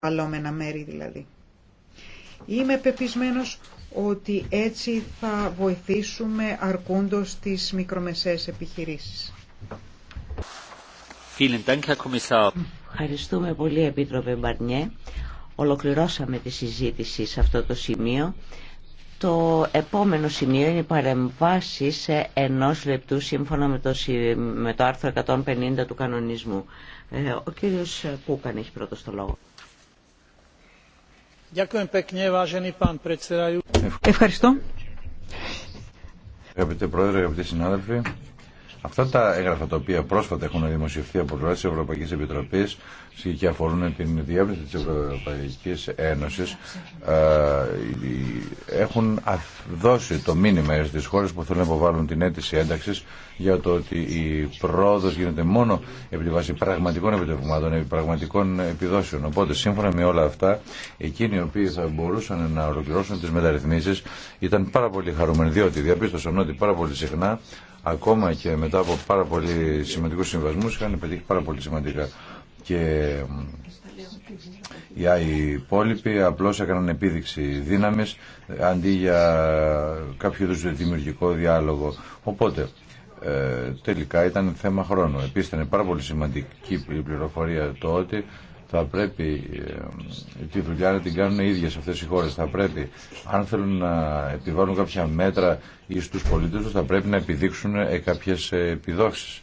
αλλόμενα μέρη δηλαδή. Είμαι πεπισμένος ότι έτσι θα βοηθήσουμε αρκούντος τις μικρομεσαίες επιχειρήσεις. Ευχαριστούμε πολύ Επίτροπε Μπαρνιέ. Ολοκληρώσαμε τη συζήτηση σε αυτό το σημείο. Το επόμενο σημείο είναι οι παρεμβάσει σε ενός λεπτού σύμφωνα με το, με το άρθρο 150 του κανονισμού. Ε, ο κύριος Κούκαν έχει πρώτο το λόγο. Ευχαριστώ. Αγαπητέ Πρόεδρε, αγαπητοί συνάδελφοι, Αυτά τα έγγραφα τα οποία πρόσφατα έχουν δημοσιευθεί από πλευρά τη Ευρωπαϊκή Επιτροπή και αφορούν την διεύρυνση τη Ευρωπαϊκή Ένωση έχουν δώσει το μήνυμα στι χώρε που θέλουν να υποβάλουν την αίτηση ένταξη για το ότι η πρόοδο γίνεται μόνο επί τη βάση πραγματικών επιτευγμάτων, πραγματικών επιδόσεων. Οπότε, σύμφωνα με όλα αυτά, εκείνοι οι οποίοι θα μπορούσαν να ολοκληρώσουν τι μεταρρυθμίσει ήταν πάρα πολύ χαρούμενοι, διότι διαπίστωσαν ότι πάρα πολύ συχνά ακόμα και μετά από πάρα πολύ σημαντικού συμβασμούς είχαν πετύχει πάρα πολύ σημαντικά και οι υπόλοιποι απλώς έκαναν επίδειξη δύναμης αντί για κάποιο δημιουργικό διάλογο. Οπότε ε, τελικά ήταν θέμα χρόνου. Επίσης ήταν πάρα πολύ σημαντική η πληροφορία το ότι θα πρέπει ε, τη δουλειά να την κάνουν οι ίδιες αυτές οι χώρες. Θα πρέπει, αν θέλουν να επιβάλλουν κάποια μέτρα στους πολίτες τους, θα πρέπει να επιδείξουν ε, κάποιες ε, επιδόξεις.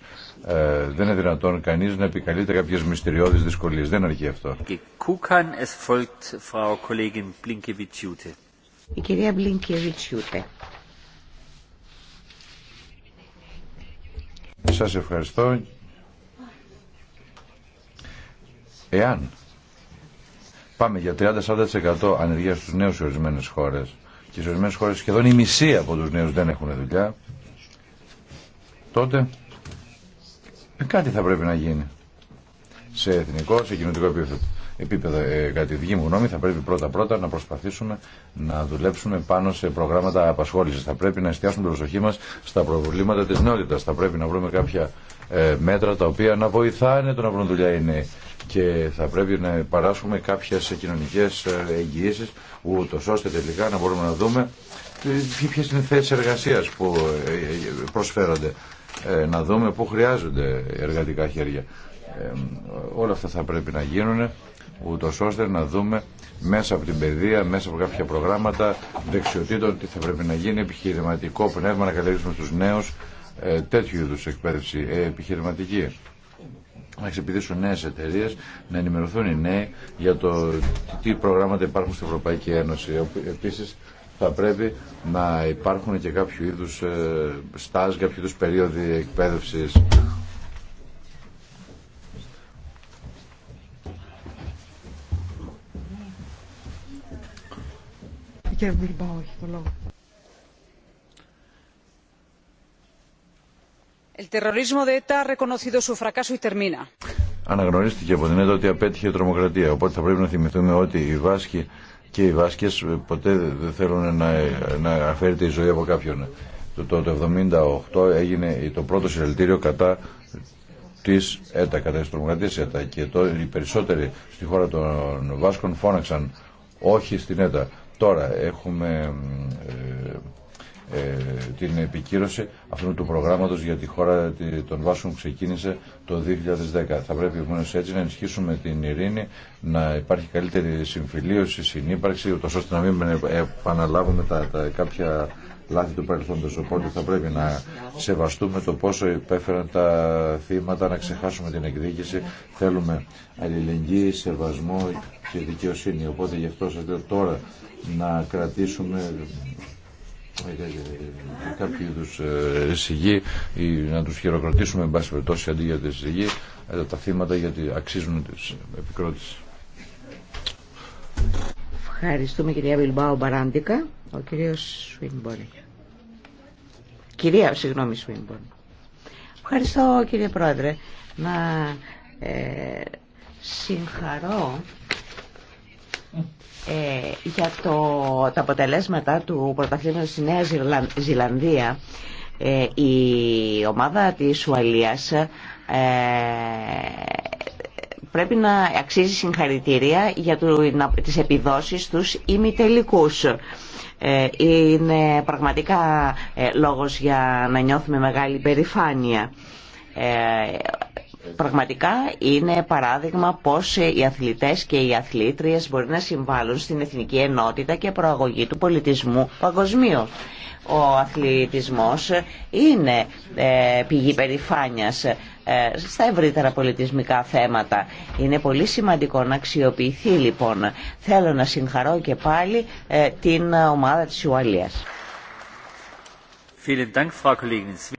δεν είναι δυνατόν κανείς να επικαλείται κάποιες μυστηριώδεις δυσκολίες. Δεν αρκεί αυτό. κυρία Μπλίνκεβιτσιούτε. Σας ευχαριστώ Εάν πάμε για 30-40% ανεργία στους νέους σε ορισμένες χώρες και σε ορισμένες χώρες σχεδόν η μισή από τους νέους δεν έχουν δουλειά, τότε ε, κάτι θα πρέπει να γίνει σε εθνικό, σε κοινωνικό επίπεδο. Επίπεδο, ε, κατά τη δική μου γνώμη, θα πρέπει πρώτα-πρώτα να προσπαθήσουμε να δουλέψουμε πάνω σε προγράμματα απασχόληση. Θα πρέπει να εστιάσουμε την προσοχή μα στα προβλήματα τη νεότητα. Θα πρέπει να βρούμε κάποια ε, μέτρα τα οποία να βοηθάνε το να βρουν δουλειά οι νέοι και θα πρέπει να παράσχουμε κάποιες κοινωνικές ε, εγγυήσεις ούτως ώστε τελικά να μπορούμε να δούμε ποιες είναι θέσεις εργασίας που ε, ε, προσφέρονται να δούμε πού χρειάζονται εργατικά χέρια όλα αυτά θα πρέπει να γίνουν ούτω ώστε να δούμε μέσα από την παιδεία, μέσα από κάποια προγράμματα δεξιοτήτων τι θα πρέπει να γίνει, επιχειρηματικό πνεύμα να καλύψουμε στους νέους τέτοιου είδους εκπαίδευση επιχειρηματική να ξεπηδήσουν νέες εταιρείες, να ενημερωθούν οι νέοι για το τι προγράμματα υπάρχουν στην Ευρωπαϊκή Ένωση. Επίσης θα πρέπει να υπάρχουν και κάποιο είδους ε, στάζ, κάποιο είδους περίοδοι εκπαίδευσης. έχει λόγο. Αναγνωρίστηκε από την ΕΤΑ ότι απέτυχε η τρομοκρατία. Οπότε θα πρέπει να θυμηθούμε ότι οι Βάσκοι και οι Βάσκε ποτέ δεν θέλουν να, να αφαίρεται η ζωή από κάποιον. Το, το, 1978 έγινε το πρώτο συλλαλητήριο κατά τη ΕΤΑ, κατά τη τρομοκρατία ΕΤΑ. Και το, οι περισσότεροι στη χώρα των Βάσκων φώναξαν όχι στην ΕΤΑ. Τώρα έχουμε ε, την επικύρωση αυτού του προγράμματος για τη χώρα των Βάσων ξεκίνησε το 2010. Θα πρέπει μόνος έτσι να ενισχύσουμε την ειρήνη, να υπάρχει καλύτερη συμφιλίωση, συνύπαρξη, ούτως ώστε να μην επαναλάβουμε τα, τα κάποια λάθη του παρελθόντος. Οπότε θα πρέπει να σεβαστούμε το πόσο υπέφεραν τα θύματα, να ξεχάσουμε την εκδίκηση. Θέλουμε αλληλεγγύη, σεβασμό και δικαιοσύνη. Οπότε γι' αυτό σας λέω τώρα να κρατήσουμε κάποιο είδου ε, σιγή ή να του χειροκροτήσουμε εν πάση περιπτώσει αντί για τη ε, τα θύματα γιατί αξίζουν τη επικρότηση. Ευχαριστούμε κυρία Βιλμπάου Μπαράντικα. Ο κύριος Σουίνμπορν. Κυρία, συγγνώμη Σουίνμπορν. Ευχαριστώ κύριε Πρόεδρε. Να ε, συγχαρώ ε, για το, τα αποτελέσματα του πρωταθλήματος στη Νέα Ζηλανδία ε, η ομάδα της Ουαλίας ε, πρέπει να αξίζει συγχαρητήρια για του, να, τις επιδόσεις τους ημιτελικούς. Ε, είναι πραγματικά ε, λόγος για να νιώθουμε μεγάλη περηφάνεια πραγματικά είναι παράδειγμα πώς οι αθλητές και οι αθλήτριες μπορεί να συμβάλλουν στην εθνική ενότητα και προαγωγή του πολιτισμού παγκοσμίω. Ο αθλητισμός είναι ε, πηγή περηφάνειας ε, στα ευρύτερα πολιτισμικά θέματα. Είναι πολύ σημαντικό να αξιοποιηθεί λοιπόν. Θέλω να συγχαρώ και πάλι ε, την ομάδα της Ουαλίας.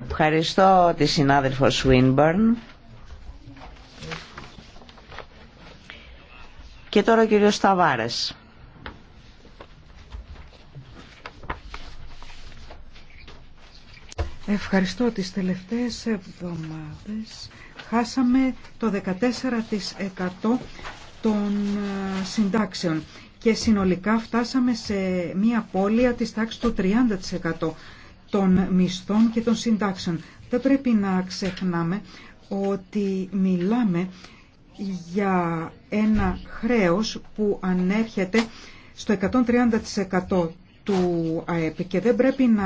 Ευχαριστώ τη συνάδελφο Σουίνμπερν. Και τώρα ο κύριος Σταβάρες. Ευχαριστώ. Τις τελευταίες εβδομάδες χάσαμε το 14% των ε, συντάξεων και συνολικά φτάσαμε σε μία απώλεια της τάξης του 30% των μισθών και των συντάξεων. Δεν πρέπει να ξεχνάμε ότι μιλάμε για ένα χρέος που ανέρχεται στο 130% του ΑΕΠ και δεν πρέπει να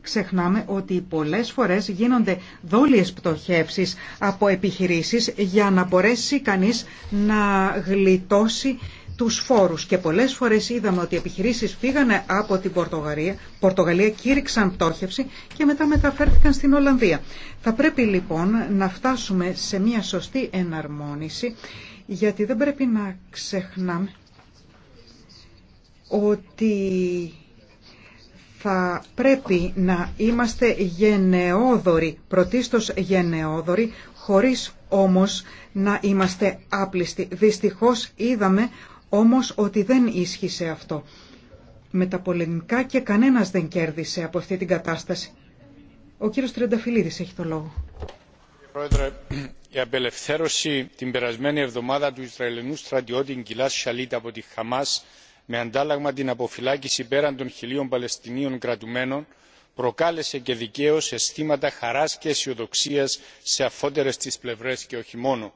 ξεχνάμε ότι πολλές φορές γίνονται δόλιες πτωχεύσεις από επιχειρήσεις για να μπορέσει κανείς να γλιτώσει τους φόρους και πολλές φορές είδαμε ότι οι επιχειρήσεις πήγανε από την Πορτογαλία, Πορτογαλία κήρυξαν πτώχευση και μετά μεταφέρθηκαν στην Ολλανδία. Θα πρέπει λοιπόν να φτάσουμε σε μια σωστή εναρμόνιση γιατί δεν πρέπει να ξεχνάμε ότι θα πρέπει να είμαστε γενναιόδοροι, πρωτίστως γενναιόδοροι, χωρίς όμως να είμαστε άπλιστοι. Δυστυχώς είδαμε όμως ότι δεν ίσχυσε αυτό. Με τα πολεμικά και κανένας δεν κέρδισε από αυτή την κατάσταση. Ο κύριος Τρενταφυλίδης έχει το λόγο. Πρόεδρε, η απελευθέρωση την περασμένη εβδομάδα του Ισραηλινού στρατιώτη Γκυλάς Σαλίτ από τη Χαμάς με αντάλλαγμα την αποφυλάκηση πέραν των χιλίων Παλαιστινίων κρατουμένων προκάλεσε και δικαίως αισθήματα χαράς και αισιοδοξία σε αφότερες τις πλευρές και όχι μόνο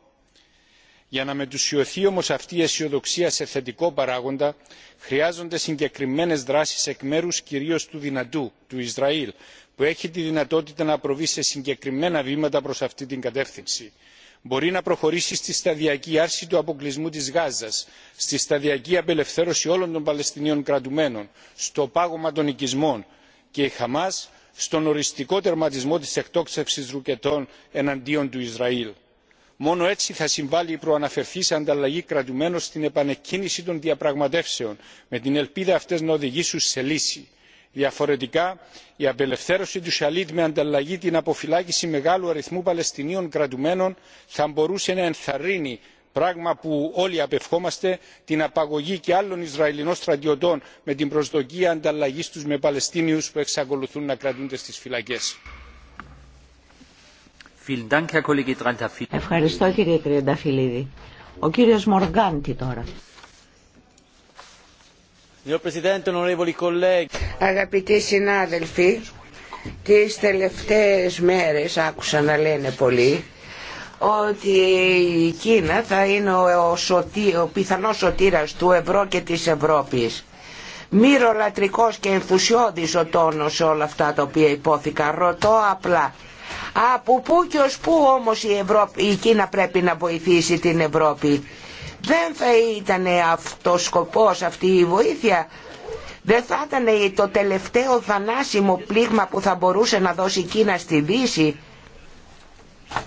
για να μετουσιωθεί όμως αυτή η αισιοδοξία σε θετικό παράγοντα χρειάζονται συγκεκριμένες δράσεις εκ μέρους κυρίως του δυνατού του ισραήλ που έχει τη δυνατότητα να προβεί σε συγκεκριμένα βήματα προς αυτή την κατεύθυνση. μπορεί να προχωρήσει στη σταδιακή άρση του αποκλεισμού της γάζας στη σταδιακή απελευθέρωση όλων των παλαιστινίων κρατουμένων στο πάγωμα των οικισμών και η χαμάς στον οριστικό τερματισμό της εκτόξευσης ρουκετών εναντίον του ισραήλ μόνο έτσι θα συμβάλει η προαναφερθής ανταλλαγή κρατουμένων στην επανεκκίνηση των διαπραγματεύσεων με την ελπίδα αυτέ να οδηγήσουν σε λύση. διαφορετικά η απελευθέρωση του σαλίτ με ανταλλαγή την αποφυλάκηση μεγάλου αριθμού παλαιστινίων κρατουμένων θα μπορούσε να ενθαρρύνει πράγμα που όλοι απευχόμαστε την απαγωγή και άλλων ισραηλινών στρατιωτών με την προσδοκία ανταλλαγή του με παλαιστίνιους που εξακολουθούν να κρατούνται στι φυλακέ. Ευχαριστώ κύριε Τριανταφυλλίδη. Ο κύριος Μοργάντη τώρα. Αγαπητοί συνάδελφοι, τις τελευταίες μέρες άκουσα να λένε πολλοί ότι η Κίνα θα είναι ο, σωτή, ο πιθανός σωτήρας του ευρώ και της Ευρώπης. Μυρολατρικός και ενθουσιώδης ο τόνος σε όλα αυτά τα οποία υπόθηκαν. Ρωτώ απλά, από πού και ως πού όμως η, Ευρώπη, η Κίνα πρέπει να βοηθήσει την Ευρώπη. Δεν θα ήταν αυτό σκοπός αυτή η βοήθεια. Δεν θα ήταν το τελευταίο θανάσιμο πλήγμα που θα μπορούσε να δώσει η Κίνα στη Δύση.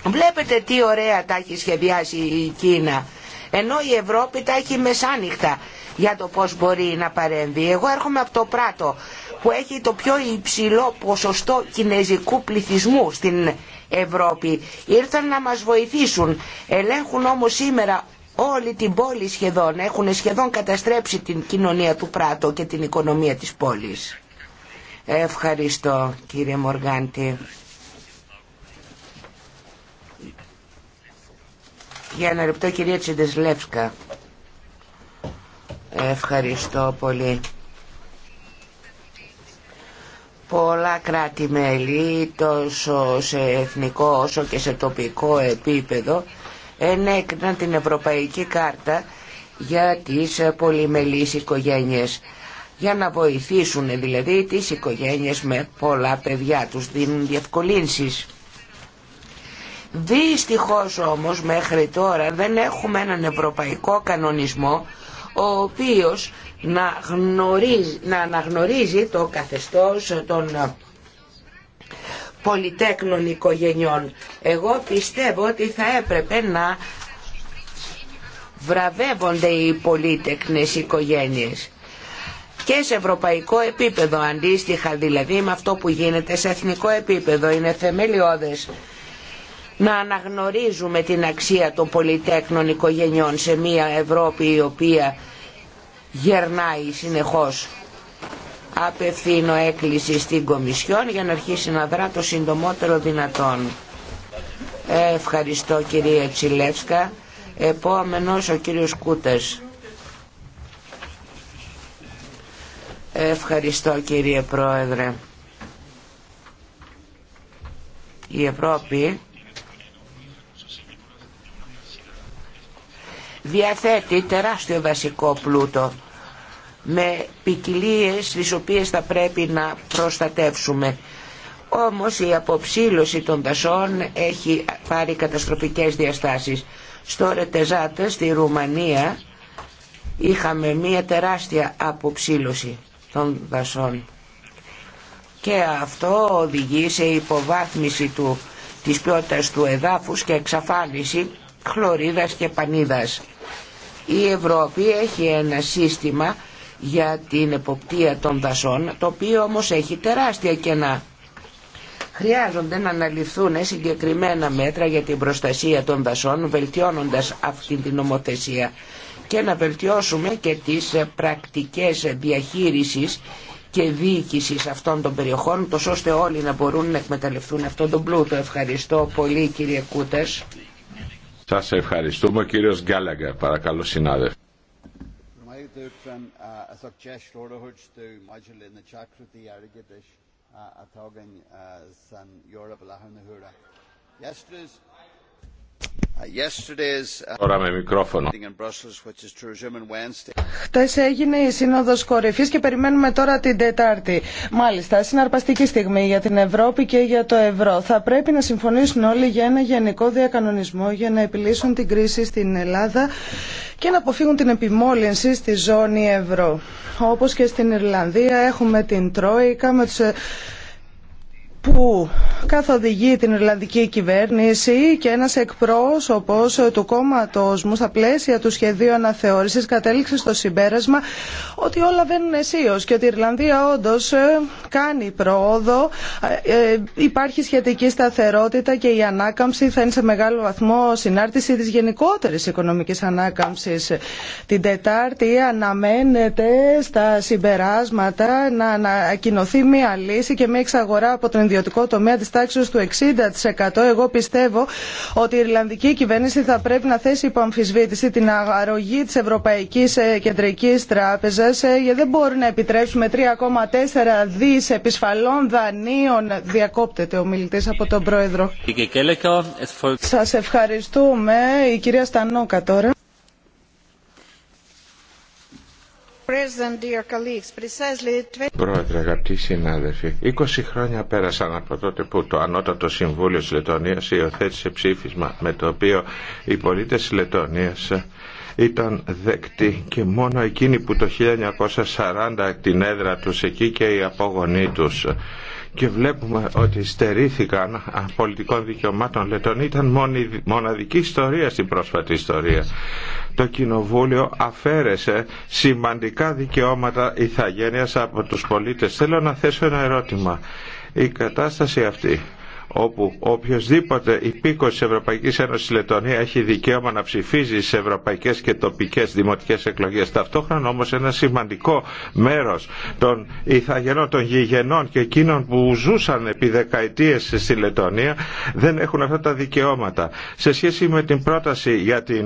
Βλέπετε τι ωραία τα έχει σχεδιάσει η Κίνα. Ενώ η Ευρώπη τα έχει μεσάνυχτα για το πώς μπορεί να παρέμβει. Εγώ έρχομαι από το Πράτο που έχει το πιο υψηλό ποσοστό κινέζικου πληθυσμού στην Ευρώπη. Ήρθαν να μας βοηθήσουν. Ελέγχουν όμως σήμερα όλη την πόλη σχεδόν. Έχουν σχεδόν καταστρέψει την κοινωνία του Πράτο και την οικονομία της πόλης. Ευχαριστώ κύριε Μοργάντη. Για ένα λεπτό κυρία Τσιντεσλεύσκα. Ευχαριστώ πολύ. Πολλά κράτη-μέλη, τόσο σε εθνικό όσο και σε τοπικό επίπεδο, ενέκριναν την Ευρωπαϊκή Κάρτα για τις πολυμελείς οικογένειες για να βοηθήσουν δηλαδή τις οικογένειες με πολλά παιδιά τους δίνουν διευκολύνσεις Δυστυχώς όμως μέχρι τώρα δεν έχουμε έναν ευρωπαϊκό κανονισμό ο οποίος να, να αναγνωρίζει το καθεστώς των πολυτέκνων οικογενειών. Εγώ πιστεύω ότι θα έπρεπε να βραβεύονται οι πολύτεκνες οικογένειες και σε ευρωπαϊκό επίπεδο αντίστοιχα δηλαδή με αυτό που γίνεται σε εθνικό επίπεδο είναι θεμελιώδες να αναγνωρίζουμε την αξία των πολυτέχνων οικογενειών σε μια Ευρώπη η οποία γερνάει συνεχώς. Απευθύνω έκκληση στην Κομισιόν για να αρχίσει να δρά το συντομότερο δυνατόν. Ευχαριστώ κυρία Τσιλεύσκα. Επόμενος ο κύριος Κούτας. Ευχαριστώ κύριε Πρόεδρε. Η Ευρώπη διαθέτει τεράστιο βασικό πλούτο με ποικιλίε τις οποίες θα πρέπει να προστατεύσουμε. Όμως η αποψήλωση των δασών έχει πάρει καταστροφικές διαστάσεις. Στο Ρετεζάτε, στη Ρουμανία, είχαμε μία τεράστια αποψήλωση των δασών. Και αυτό οδηγεί σε υποβάθμιση του, της ποιότητας του εδάφους και εξαφάνιση χλωρίδας και πανίδας. Η Ευρώπη έχει ένα σύστημα για την εποπτεία των δασών, το οποίο όμως έχει τεράστια κενά. Χρειάζονται να αναλυθούν συγκεκριμένα μέτρα για την προστασία των δασών, βελτιώνοντας αυτή την νομοθεσία και να βελτιώσουμε και τις πρακτικές διαχείρισης και διοίκησης αυτών των περιοχών, τόσο ώστε όλοι να μπορούν να εκμεταλλευτούν αυτόν τον πλούτο. Ευχαριστώ πολύ κύριε Κούτας. Σας ευχαριστούμε. Ο κύριος Γκάλαγκα, παρακαλώ συνάδελφε. Uh, τώρα με μικρόφωνο. Χτε έγινε η Σύνοδο Κορυφή και περιμένουμε τώρα την Τετάρτη. Μάλιστα, συναρπαστική στιγμή για την Ευρώπη και για το ευρώ. Θα πρέπει να συμφωνήσουν όλοι για ένα γενικό διακανονισμό για να επιλύσουν την κρίση στην Ελλάδα και να αποφύγουν την επιμόλυνση στη ζώνη ευρώ. Όπω και στην Ιρλανδία έχουμε την Τρόικα με του ε, που καθοδηγεί την Ιρλανδική κυβέρνηση και ένας εκπρόσωπος του κόμματος μου στα πλαίσια του σχεδίου αναθεώρησης κατέληξε στο συμπέρασμα ότι όλα βαίνουν αισίως και ότι η Ιρλανδία όντως ε, κάνει πρόοδο, ε, ε, υπάρχει σχετική σταθερότητα και η ανάκαμψη θα είναι σε μεγάλο βαθμό συνάρτηση της γενικότερης οικονομικής ανάκαμψης. Την Τετάρτη αναμένεται στα συμπεράσματα να ανακοινωθεί μια λύση και μια εξαγορά από τον ιδιωτικό τομέα της τάξης του 60%. Εγώ πιστεύω ότι η Ιρλανδική κυβέρνηση θα πρέπει να θέσει υπό αμφισβήτηση την αγαρογή της Ευρωπαϊκής ε, Κεντρικής Τράπεζας ε, γιατί δεν μπορεί να επιτρέψουμε 3,4 δις επισφαλών δανείων. Διακόπτεται ο μιλητής από τον Πρόεδρο. Ε, Σας ευχαριστούμε. Η κυρία Στανόκα τώρα. Πρόεδρε, αγαπητοί συνάδελφοι, 20 χρόνια πέρασαν από τότε που το Ανώτατο Συμβούλιο της Λετωνίας υιοθέτησε ψήφισμα με το οποίο οι πολίτες της Λετωνίας ήταν δεκτοί και μόνο εκείνοι που το 1940 την έδρα τους εκεί και οι απόγονοί τους και βλέπουμε ότι στερήθηκαν πολιτικών δικαιωμάτων Λετών ήταν μοναδική ιστορία στην πρόσφατη ιστορία. Το Κοινοβούλιο αφαίρεσε σημαντικά δικαιώματα ηθαγένειας από τους πολίτες. Θέλω να θέσω ένα ερώτημα. Η κατάσταση αυτή όπου οποιοδήποτε υπήκος της Ευρωπαϊκής Ένωσης Λετωνία έχει δικαίωμα να ψηφίζει σε ευρωπαϊκές και τοπικές δημοτικές εκλογές. Ταυτόχρονα όμως ένα σημαντικό μέρος των ηθαγενών, των γηγενών και εκείνων που ζούσαν επί δεκαετίες στη Λετωνία δεν έχουν αυτά τα δικαιώματα. Σε σχέση με την πρόταση για την